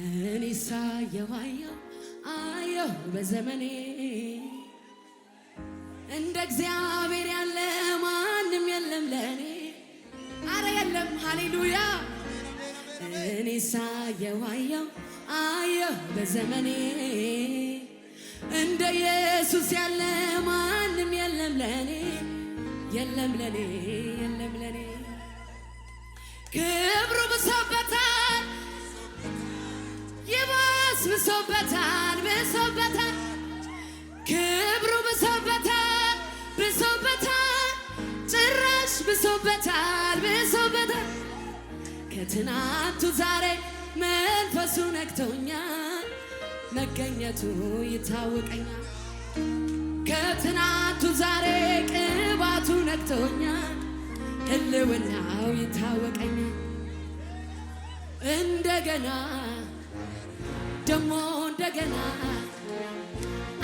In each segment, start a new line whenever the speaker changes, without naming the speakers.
እኔሳ የዋየው አየሁ በዘመኔ እንደ እግዚአብሔር ያለ ማንም የለም ለእኔ አረ የለም። ሃሌሉያ እኔሳ የዋየው አየሁ በዘመኔ እንደ ኢየሱስ ያለ ማንም የለም ለእኔ የለም ለእኔ የለም ለእኔ ክብሩ ብሶበታል ብሶበታል ብሶበታል ክብሩ ብሶበታል ብሶበታል ጭራሽ ብሶበታል ብሶበታል ከትናንቱ ዛሬ መንፈሱ ነክቶኛል መገኘቱ ይታወቀኛል ከትናንቱ ዛሬ ቅባቱ ነክቶኛል ህልውናው ይታወቀኛል እንደገና ደግሞ እንደገና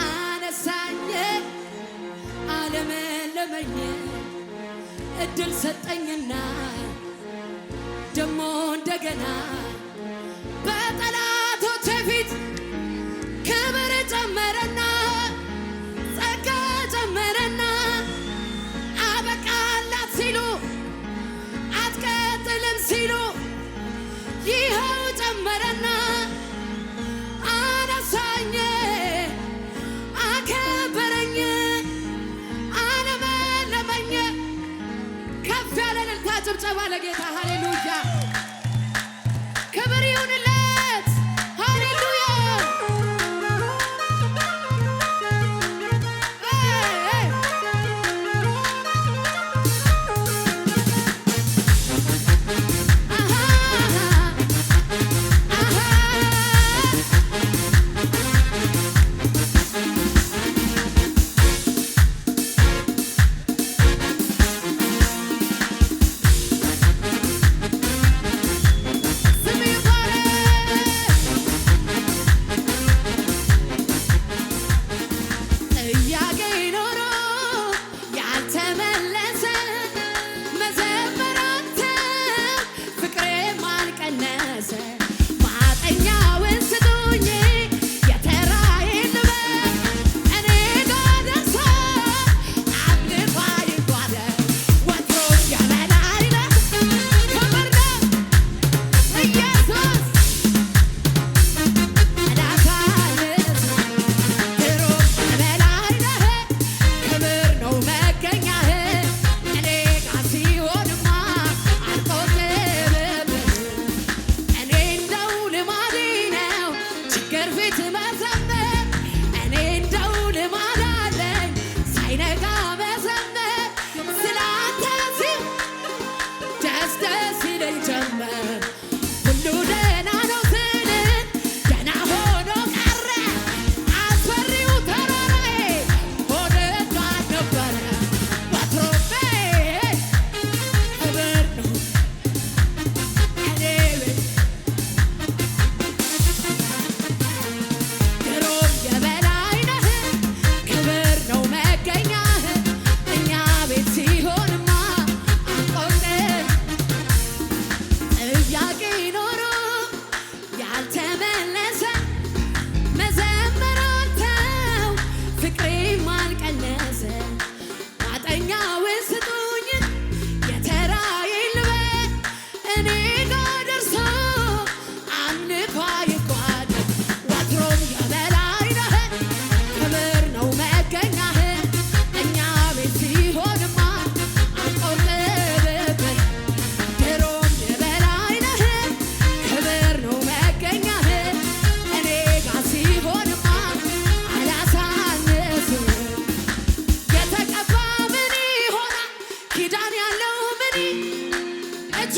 አነሳኝ ዓለምን ለመኘት እድል ሰጠኝና ደግሞ እንደገና ጭብጨባ ለጌታ ሃሌ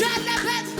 Drop that back.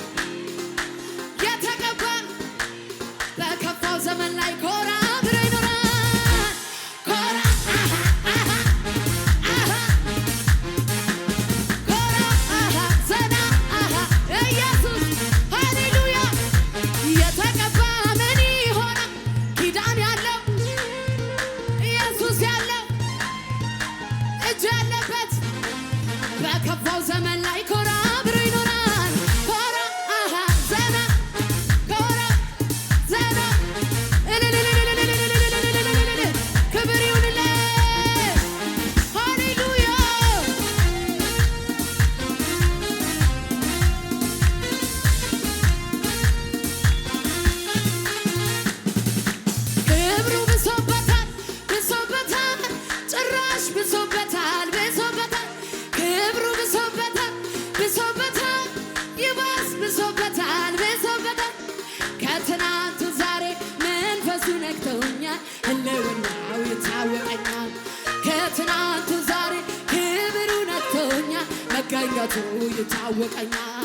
就也找我干嘛？